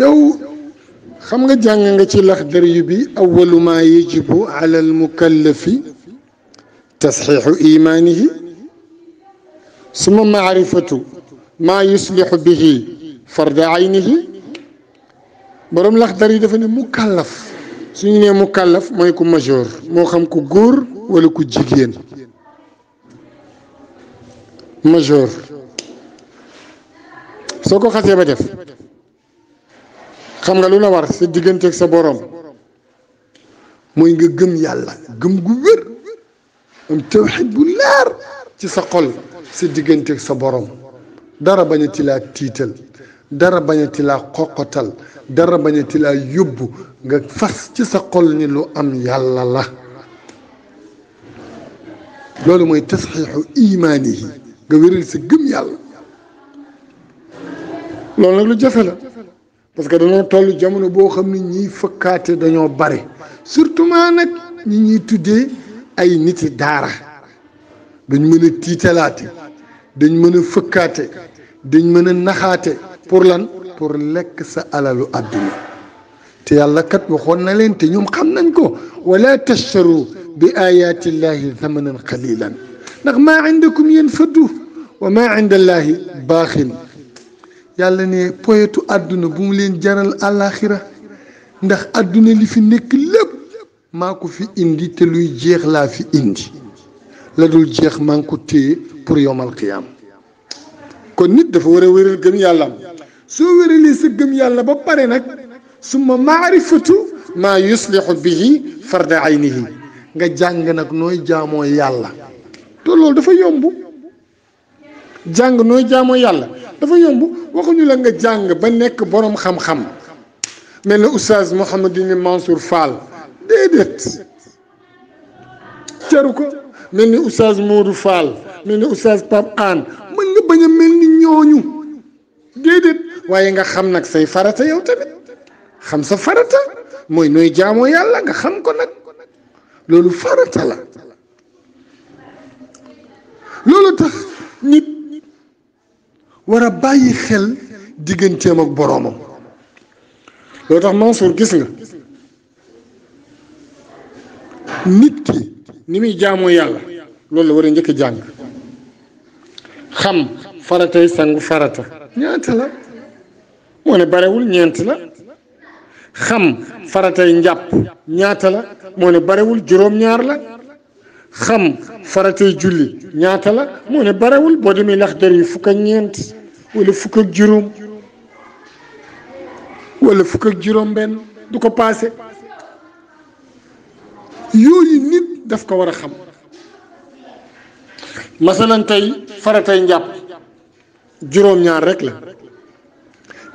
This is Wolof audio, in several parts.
يو خم جانغ نجي لخدر يبي أول ما يجب على المكلف تصحيح إيمانه ثم معرفة ما يصلح به فرد عينه برم لخدر يدفن مكلف سنين مكلف ما يكون مجور مو خم كجور ولا كجيجين مجور سوكو خاتيا بدف xam nga lu la war sa ak sa borom moy nga gëm yalla gëm gu wër am tawhid bu lar ci sa xol sa ak sa borom dara bañ ti dara bañ ti dara bañ ti nga fas ci sa xol ni lu am yalla la lolu moy tasxihu imanihi nga wéral sa gëm yalla lolu nak lu jafé la parce que dañu tollu jamono bo xamni ñi ñiy dañu bari bare surtout nak ñi ñi tuddé ay nit daara dañ mëna titelaté tiitalaate mëna mën a mëna naxaté pour lan pour lek sa alalu àdduna te yàlla kat waxon na leen te ñum xam nañ ko wala tashru bi ayati llahi thamanan qalilan ndax ma indakum yanfadu wa ma inda llahi baaxin yàlla ne poyetu àdduna bu mu leen jaral àllaaxira ndax àdduna li fi nekk lépp maa fi indi te luy jeex laa fi indi la dul jeex maa pour yomal qiyaam kon nit dafa war a wéral gëm yàllaam soo wéralee sa gëm yàlla ba pare nag suma maarifatu bi yuslihu bihi ay aynihi nga jàng nag nooy jaamoo yàlla te dafa yomb jàng nooy jaamoo yàlla dafa yomb waxuñu la nga jàng ba nekk borom xam-xam mel na oustaz Mouhamadine Mansour Fall déedéet caru ko mel ni oustaz Modou Fall mel ni oustaz Pape Anne mën nga bañ mel ni ñooñu déedéet waaye nga xam nag say farata yow tamit xam sa farata mooy nooy jaamoo yàlla nga xam ko nag loolu farata la loolu tax nit war a bàyyi xel digganteem ak boroomam loo tax Mansour gis nga nit ki muy jaamoo yàlla loolu la war a njëkk a jàng xam faratay sangu farata ñaata la moo ne barewul ñeent la xam faratay njàpp ñaata la moo ne barewul juróom-ñaar la xam faratey julli ñaata la moo ne barewul boo demee lax dar yi fukk ak ñeent wala fukk ak juróom wala fukk ak juróom benn du ko paase yooyu nit daf ko war a xam masalan tey faratay njàpp juróom-ñaar rek la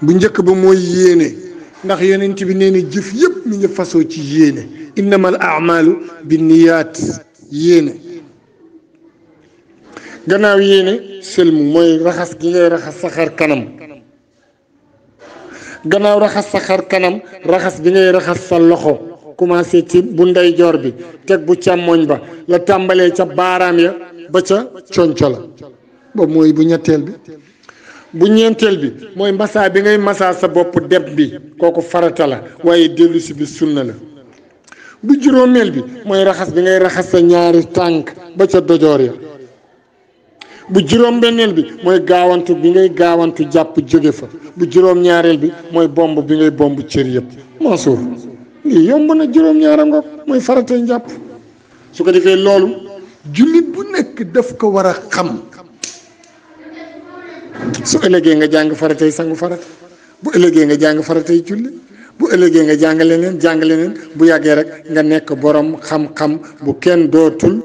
bu njëkk ba mooy yéene ndax yonent bi nee na jëf yëpp mi ngi fasoo ci yéene innamal amalu binniyaat yéene gannaaw yéene sëlmu mooy raxas gi ngay raxas sa xar kanam gannaaw raxas sa xar kanam raxas bi ngay raxas sa loxo commencé ci bu ndeyjoor bi teg bu càmmoñ ba la tàmbalee ca baaraam ya ba ca conco la boobu mooy bu ñetteel bi bu ñeenteel bi mooy masaa bi ngay masaa sa bopp deb bi kooku farata la waaye dellusi bi sunna la du juromel bi moy raxas bi ngay raxas sa ñaari tank ba ca dojor ya bu jurom benel bi moy gawantu bi ngay gawantu japp joge fa bu jurom ñaarel bi moy bomb bi ngay bomb cër yeb Mansour ni yomb na jurom ñaara ngok moy faratee japp su ko defé loolu jullit bu nek def ko wara xam su ëllëgee nga jang faratey sangu bu ëllëgee nga jang faratey julli bu ëllëgee nga jàngale leen jàngale leen bu yàggee rek nga nekk borom xam-xam bu kenn dootul